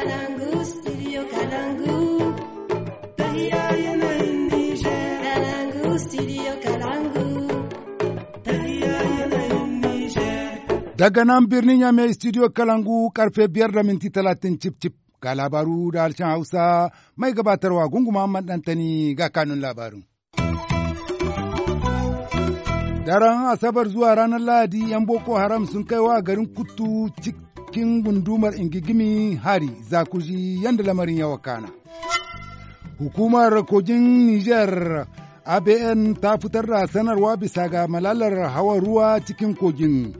kalangu daga nan birnin mai studio kalangu karfe biyar da minti talatin cip cip ga labaru da harshen hausa mai gabatarwa Gungu Muhammad dantani ga kanun labarin Daren Asabar zuwa ranar Lahadi, ‘yan Boko Haram sun kai wa garin Kutu cik cikin gundumar ingigimi hari za ku ji yadda lamarin ya wakana. Hukumar kogin Nijar ABN ta fitar da sanarwa bisa ga malalar hawan ruwa cikin kogin.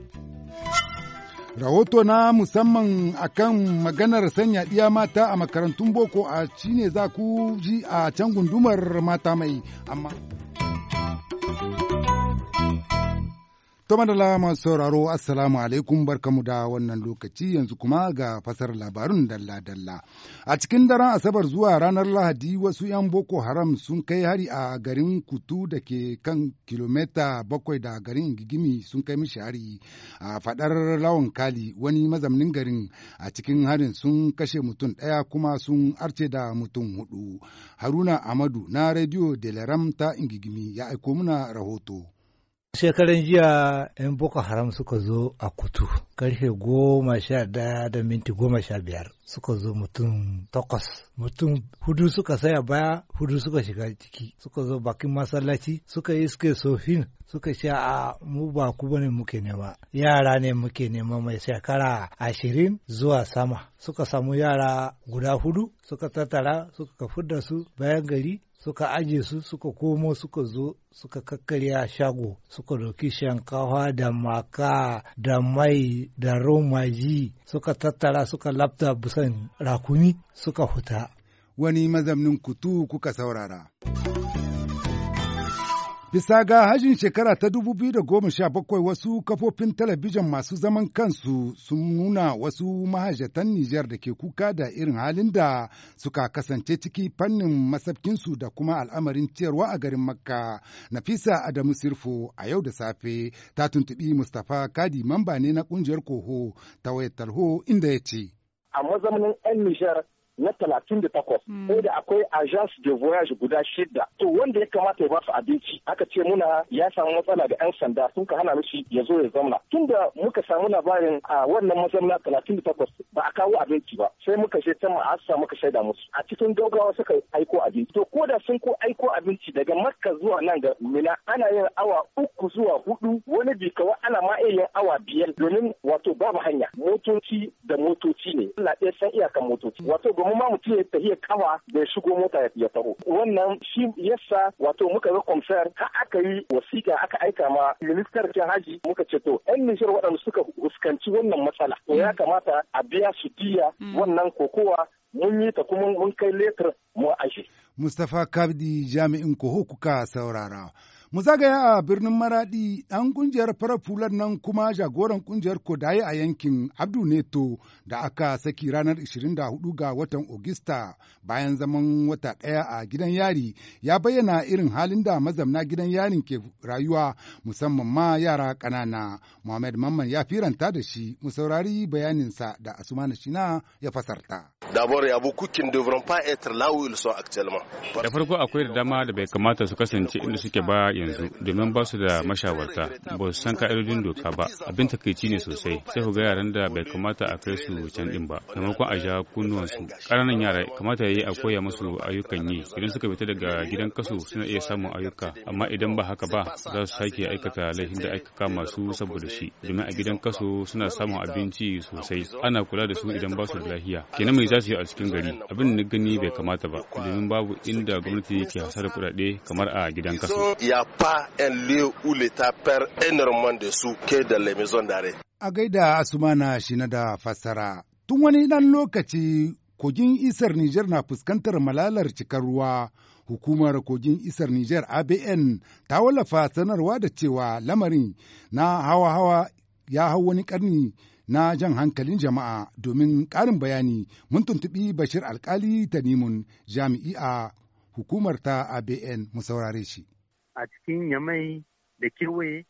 Rahoto na musamman akan maganar sanya ɗiya mata a makarantun boko a shine za ku ji a can gundumar mata mai amma. To da masu sauraro assalamu alaikum barkamu da wannan lokaci yanzu kuma ga fasar labarun dalla-dalla. A cikin daren Asabar zuwa ranar Lahadi wasu 'yan Boko Haram sun kai hari a garin Kutu da ke kan kilomita bakwai da garin Gigimi sun kai mishi hari a fadar lawan kali wani mazamnin garin a cikin harin sun kashe mutum ɗaya kuma sun arce da mutum hudu. Haruna Amadu na rediyo Delaram ta Ingigimi ya aiko muna rahoto. Shekaran jiya 'yan Boko Haram suka zo a kutu karfe goma sha daya da minti goma sha biyar suka zo mutum takwas. Mutum hudu suka saya baya hudu suka shiga ciki suka zo bakin masallaci suka yi suke sofin suka ce a mu ba ku bane muke nema yara ne muke nema mai shekara ashirin zuwa sama suka samu yara guda hudu suka tattara suka da su bayan gari suka aje su suka komo suka zo suka kakkarya shago suka ɗauki shankawa da maka da mai da romaji suka tattara suka lafta busan, rakumi suka huta. Wani mazamnin kutu kuka saurara. Bisa ga hajin shekara ta 2017 wasu kafofin talabijin masu zaman kansu sun nuna wasu mahajatan Nijar da ke kuka da irin halin da suka kasance ciki fannin masafkinsu da kuma al'amarin ciyarwa a garin Makka. Nafisa Adamu Sirfo a yau da safe ta tuntubi Mustapha Kadi mamba ne na ƙungiyar Koho ta wayar talho inda ya ce. a mazaunin 'yan Nijar. na talatin da takwas Ko da akwai agence de voyage guda shida to wanda ya kamata ya ba su abinci aka ce muna ya samu matsala da yan sanda sun ka hana mishi ya zo ya zamna tunda muka samu labarin a wannan mazamna talatin da takwas ba a kawo abinci ba sai muka je ta ma'asa muka shaida musu a cikin gaugawa suka aiko abinci to ko da sun ko aiko abinci daga makka zuwa nan ga mina ana yin awa uku zuwa hudu wani bi kawai ana ma yin awa biyar domin wato babu hanya motoci da motoci ne Allah ɗaya san iyakan motoci wato domin ma mutum ya tafiya kawa da ya shigo mota ya taho wannan shi yasa wato muka ga komisar ka aka yi wasiƙa aka aika ma ministar cin haji muka ce to yan nijar waɗanda suka fuskanci wannan matsala to ya kamata a biya su diya mm. wannan kokowa mun yi ta kuma mun kai letar mu ashe. Mustapha Kabdi jami'in kuka saurara. Mu zagaya a birnin Maraɗi ɗan ƙungiyar farar fular nan kuma jagoran ƙungiyar Kodaye a yankin Abdu Neto da aka saki ranar 24 ga watan Ogista bayan zaman wata ɗaya a gidan yari ya bayyana irin halin da mazamna gidan yarin ke rayuwa musamman ma yara ƙanana. Muhammad Mamman ya firanta da shi mu saurari bayaninsa da Asumani Shina ya fasarta. D'abord, ya Da farko akwai da dama da bai kamata su kasance inda suke ba yanzu domin ba su da mashawarta ba su san ka'idodin doka ba abin takaici ne sosai sai ku ga yaran da bai kamata a kai su can din ba maimakon a ja kunnuwansu ƙananan yara kamata ya yi a koya musu ayyukan yi idan suka fita daga gidan kasu suna iya samun ayyuka amma idan ba haka ba za su sake aikata laifin da aka kama su saboda shi domin a gidan kasu suna samun abinci sosai ana kula da su idan ba su da lafiya kenan mai za su yi a cikin gari abin da na gani bai kamata ba domin babu inda gwamnati ke hasar kuɗaɗe kamar a gidan kasu. pas un lieu où l'État perd énormément de sous que dans les maisons d'arrêt. A gaida Asumana Shinada na da fassara. Tun wani ɗan lokaci kogin isar Nijar na fuskantar malalar cikar ruwa. Hukumar kogin isar Nijar ABN ta wallafa sanarwa da cewa lamarin na hawa-hawa ya hau wani karni na jan hankalin jama'a domin ƙarin bayani mun tuntuɓi Bashir Alkali Tanimun jami'i a hukumar ta ABN mu saurare shi. a cikin yamai da kewaye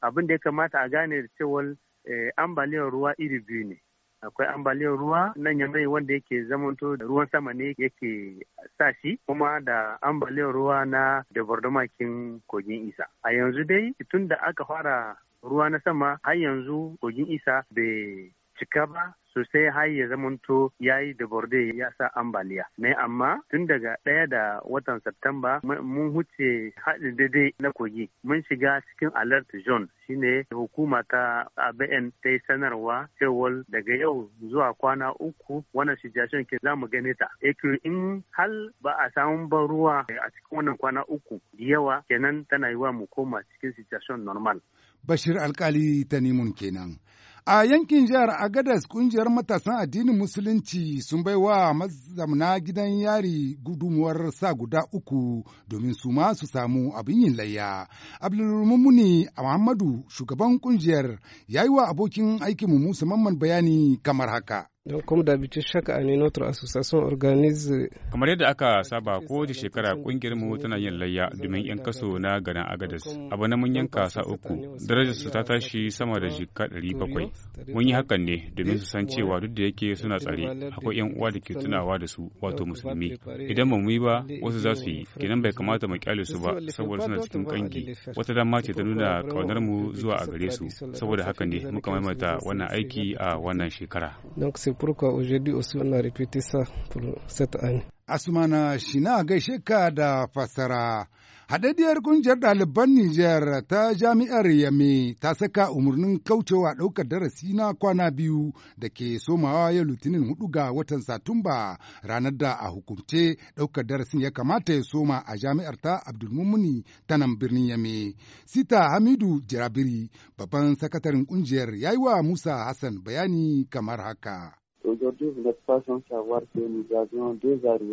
abin da ya kamata a gane da cewar eh, ambaliyar ruwa iri biyu ne akwai ambaliyar ruwa nan yamai wanda yake zamanto da ruwan sama ne yake sa shi kuma da ambaliyar ruwa na dabardumakin kogin isa a yanzu dai tun da aka fara ruwa na sama har yanzu kogin isa bai cika ba sosai har ya zamanto ya yi da borde ya sa ambaliya ne amma tun daga ɗaya da watan satamba mun huce haɗin daidai na kogi mun shiga cikin alert zone shine hukuma ta ABN ta yi sanarwa cewar daga yau zuwa kwana uku wannan situation ke za mu gane ta. Eh, in hal ba a samun ban ruwa a cikin wannan kwana uku yawa kenan tana yi wa mu koma cikin situation normal. Bashir alkali ta nemun kenan. A yankin jihar Agadas kungiyar matasan addinin Musulunci sun bai wa mazamna gidan yari gudunmuwar sa guda uku domin su ma su samu abin yin layya. Abdulmumuni Muhammadu shugaban kungiyar ya yi wa abokin aikinmu Musa Mamman bayani kamar haka. don kuma da bitin shaka a notre association organize kamar yadda aka saba ko da shekara kungiyar mu tana yin layya domin yan kaso na garin agadas abu na mun yanka sa uku darajar su ta tashi sama da jika ɗari bakwai mun yi hakan ne domin su san cewa duk da yake suna tsare akwai yan uwa da ke tunawa da su wato musulmi idan ba mu yi ba wasu za su yi kenan bai kamata mu kyale su ba saboda suna cikin kangi wata dama ce ta nuna kaunar mu zuwa a gare su saboda haka ne muka maimaita wannan aiki a wannan shekara pourquoi aujourd'hui aussi on a répété ça pour cette année. Asmana Shina gaishe ka da fasara. Hadadiyar kungiyar ɗaliban Nijar ta jami'ar Yame ta saka umarnin kaucewa ɗaukar darasi na kwana biyu da ke somawa ya litinin hudu ga watan Satumba ranar da a hukumce ɗaukar darasin ya kamata ya soma a jami'ar ta Abdulmumuni ta nan birnin Yame. Sita Hamidu Jirabiri, babban sakataren kungiyar ya yi wa Musa Hassan bayani kamar haka.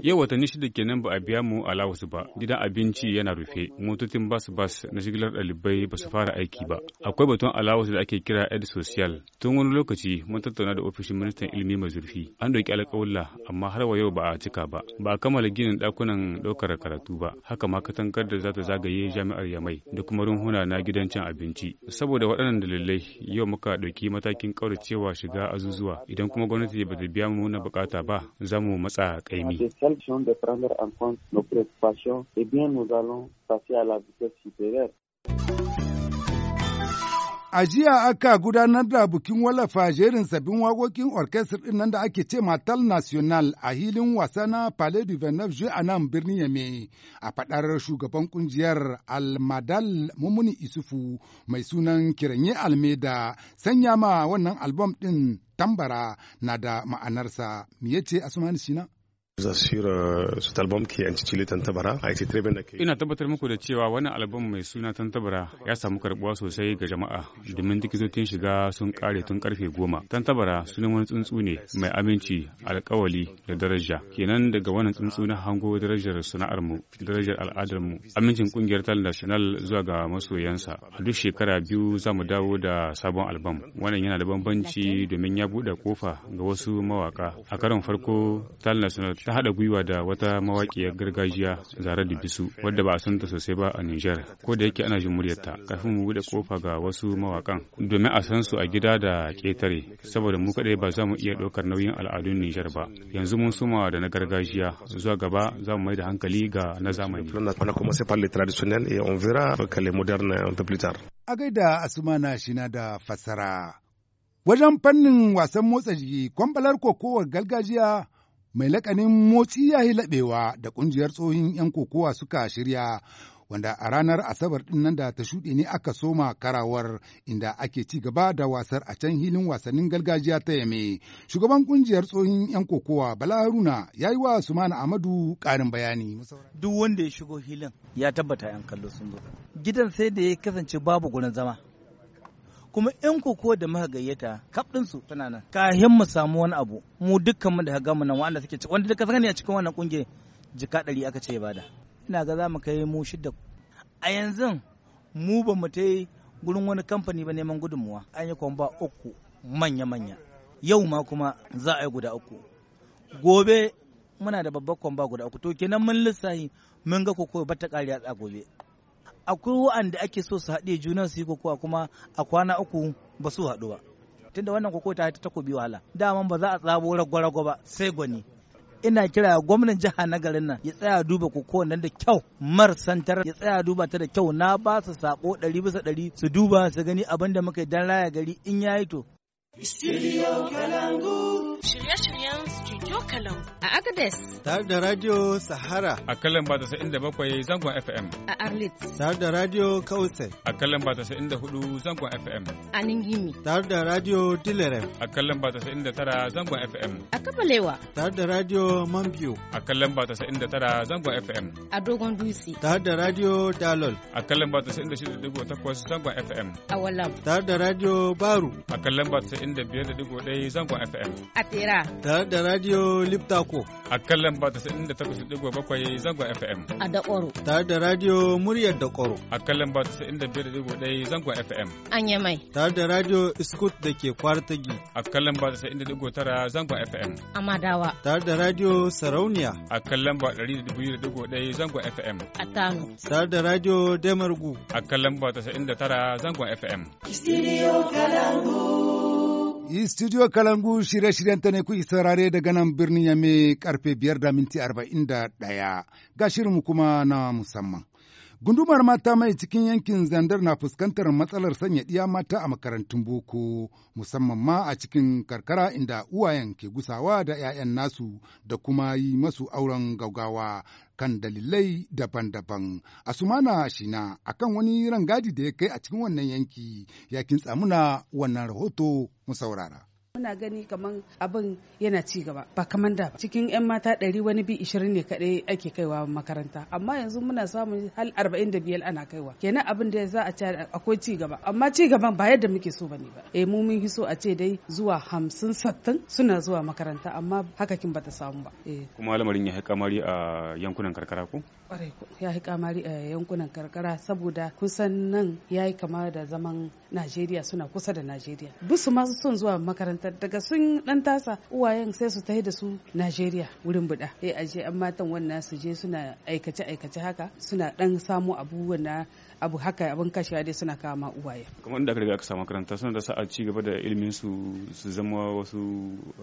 Yau watanni shida kenan ba a biya mu alawus ba, gidan abinci yana rufe, motocin bas bas na shigilar ɗalibai ba su fara aiki ba. Akwai batun alawus da ake kira ed social. Tun wani lokaci mun tattauna da ofishin ministan ilimi mai zurfi. An doki alƙawalla amma har wa yau ba a cika ba. Ba a kammala ginin ɗakunan ɗaukar karatu ba. Haka ma katangar da za ta zagaye jami'ar Yamai da kuma runhuna na gidan cin abinci. Saboda waɗannan dalilai yau muka ɗauki matakin ƙauracewa shiga azuzuwa idan kuma gwamnati misali ba da biya mu na bukata ba za mu matsa kaimi. A jiya aka gudanar da bikin wallafa jerin sabbin waƙoƙin orkestar ɗin nan da ake ce Matal National a hilin wasana na Palais du Venef a nan birnin Yame a faɗar shugaban ƙungiyar Almadal Mumuni Isufu mai sunan Kiranye Almeda sanya ma wannan albam ɗin tambara na da ma'anarsa me yace asmani Sina? Sur Ina tabbatar muku da cewa wani album mai suna Tantabara ya samu karbuwa sosai ga jama'a domin tikitotin shiga sun kare tun karfe goma. Tantabara sunan wani tsuntsu ne mai aminci, alkawali da daraja. Kenan daga wannan tsuntsu na hango darajar sana'ar mu, darajar al'adar mu, amincin kungiyar Tal zuwa ga masoyansa. A duk shekara biyu za mu dawo da sabon album. Wannan yana da bambanci domin ya bude kofa ga wasu mawaka. A karon farko Tal National ta haɗa gwiwa da wata mawaƙiyar gargajiya zara da bisu wadda ba a san ta sosai ba a niger ko da yake ana jin muryarta kafin mu buɗe kofa ga wasu mawakan. domin a san su a gida da ƙetare saboda mu kaɗai ba za mu iya ɗaukar nauyin al'adun niger ba yanzu mun suma da na gargajiya zuwa gaba za mu mai da hankali ga na zamani. A gaida Asumana Shina da fassara. Wajen fannin wasan motsa jiki, kwambalar kokowar gargajiya mai lakanin motsi ya yi laɓewa da ƙungiyar tsohin 'yan kokowa suka shirya wanda a ranar asabar ɗin nan da ta shuɗe ne aka soma karawar inda ake ci gaba da wasar a can hilin wasannin gargajiya ta yame shugaban ƙungiyar tsohin yan kokowa bala haruna ya yi wa sumana amadu ƙarin bayani duk wanda ya shigo hilin ya tabbata yan kallo sun zo gidan sai da ya kasance babu gurin zama kuma in koko da muka gayyata kaf din su tana nan kayan mu samu wani abu mu dukkan mu da ga mu nan wanda suke wanda duka sani a cikin wannan kungiyar jika ɗari aka ce bada ina ga za mu kai mu shidda a yanzu mu ba mu ta gurin wani kamfani ba neman gudunmuwa an yi kwamba uku manya-manya yau ma kuma za a yi guda uku gobe muna da babbar kwamba guda uku to kenan mun lissahi mun ga koko ba ta ƙari a gobe akwai wa'anda ake so su haɗe junan su yi kokowa kuma a kwana uku ba su haɗu ba tunda wannan koko ta ta takobi wahala Dama ba za a tsabo ragwarago ba sai gwani ina kira gwamnan jiha na garin nan ya tsaya duba koko nan da kyau mar santar ya tsaya duba ta da kyau na ba su sako ɗari bisa ɗari su duba su gani abin da muka yi dan raya gari in yayi to. Shirye-shiryen Kalau. A Agadez. Tare da Radio Sahara. A kalan ba da bakwai zangon FM. A Arlit. Tare da Radio Kausai. A kalan ba da hudu zangon FM. A Ningimi. Tare da Radio Dilerem. A kalan ba da tara zangon FM. A Kabalewa. Tare da Radio Mambiyo. A kalan ba da tara zangon FM. A Dogon Dutse. Tare da Radio Dalol. A kalan ba da takwas zangon FM. A Walam. Tare da Radio Baru. A kalan ba da biyar da 95.1 zangon FM. A Tera. Tare da Radio Liptako. A kan lamba bakwai zangon FM. A Dakoro. Tare da Radio Muryar Dakoro. A kan lamba ɗaya zangon FM. An mai. Tare da Radio Iskut da ke Kwartagi. A kan lamba tara zangon FM. A Madawa. Tare da Radio Sarauniya. A kan lamba ɗaya zangon FM. A Tano. Tare da Radio Demargu. A kan lamba tara zangon FM. Studio Kalangu. Studio Kalangu shirye shiryen ta ne ku saurare daga nan birnin Yame karfe biyar da minti arba'in da ɗaya ga shirinmu kuma na musamman. Gundumar mata mai cikin yankin zandar na fuskantar matsalar sanya ɗiya mata a makarantun boko, musamman ma a cikin karkara inda uwayen ke gusawa da 'ya'yan nasu da kuma yi masu auren gaugawa kan dalilai daban-daban. Asumana na akan wani rangadi da ya kai a cikin wannan yanki ya tsamuna wannan rahoto mu saurara. muna gani kamar abin yana ci gaba ba kamar da ba cikin 'yan mata ɗari wani bi ishirin ne kaɗai ake kaiwa makaranta amma yanzu muna samun hal arba'in da biyar ana kaiwa kenan abin da za a ce akwai ci gaba amma ci gaban ba yadda muke so bane ba eh mu mun so a ce dai zuwa hamsin sattin suna zuwa makaranta amma haka kin bata samu ba eh. kuma lamarin ya kamari a yankunan karkara ko kwarai ya yi kamari a yankunan karkara saboda kusan nan ya yi kama da zaman najeriya suna kusa da najeriya bisu masu son zuwa makaranta daga sun dan tasa uwayen sai su tahi da su najeriya wurin buɗa ya eh, aje an matan wannan su je suna aikace aikace haka suna dan samu abubuwan na abu haka abin kashewa dai suna kama uwaye kamar inda aka aka samu makaranta suna da sa'a ci gaba da ilimin su su zama wasu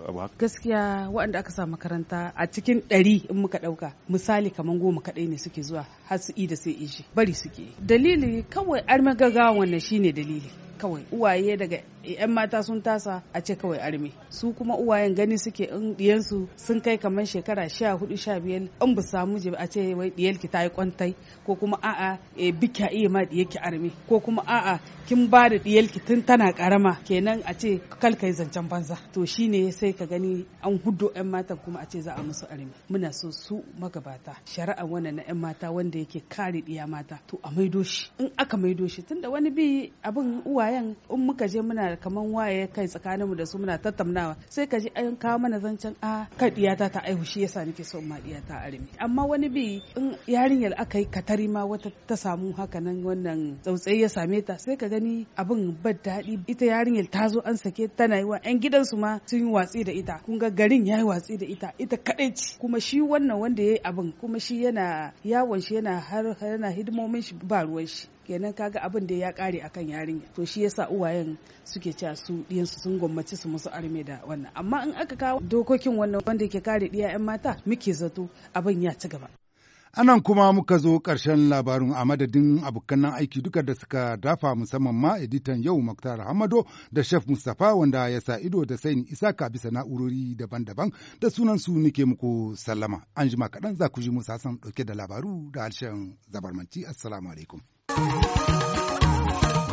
abu haka gaskiya waɗanda aka samu makaranta a cikin ɗari in muka ɗauka misali kamar goma kaɗai ne suke zuwa har su ida sai ishi bari suke dalili kawai armagaga wannan shine dalili kawai uwaye daga 'yan mata sun tasa a ce kawai arme su kuma uwayen gani suke in diyansu sun kai kamar shekara sha hudu sha biyar in ba samu jibi a ce wai diyarki ta yi kwantai ko kuma a'a e, eh, bika iya ma diyarki arme ko kuma a'a kin ba da diyarki tun tana karama kenan a ce kal kai zancen banza to shine sai ka gani an hudo 'yan mata kuma a ce za a musu arme muna so su magabata shari'a wannan na 'yan mata wanda yake kare diya mata to a maido shi in aka maido shi tunda wani bi abin uwaye bayan in muka je muna kaman waye kai tsakanin mu da su muna tattaunawa sai ka ji an kawo mana zancen a ah, kai diyata ta aihu shi yasa nake son ma diyata arimi amma wani bi in yarinyar aka yi katari ma wata ta samu haka nan wannan tsautsayi ya same ta sai ka gani abin ba daɗi ita yarinyar ta zo an sake tana yi wa 'yan gidansu ma sun yi watsi da ita kun ga garin ya yi watsi da ita ita kaɗai ce kuma shi wannan wanda ya yi abin kuma shi yana yawon shi yana har yana hidimomin shi ba ruwan shi kenan kaga abin da ya kare akan yarinya to shi yasa uwayen suke cewa su diyansu sun gwammaci su musu arme da wannan amma in aka kawo dokokin wannan wanda yake kare diya 'yan mata muke zato abin ya ci gaba anan kuma muka zo ƙarshen labarin a madadin abokan aiki duka da suka dafa musamman ma editan yau Muktar Hamado da Chef Mustapha wanda ya sa ido da sain isaka bisa na'urori daban-daban da sunan su nike muku sallama. An jima kaɗan za ku ji musasan sasan ɗauke da labaru da harshen zabarmanci. Assalamu alaikum.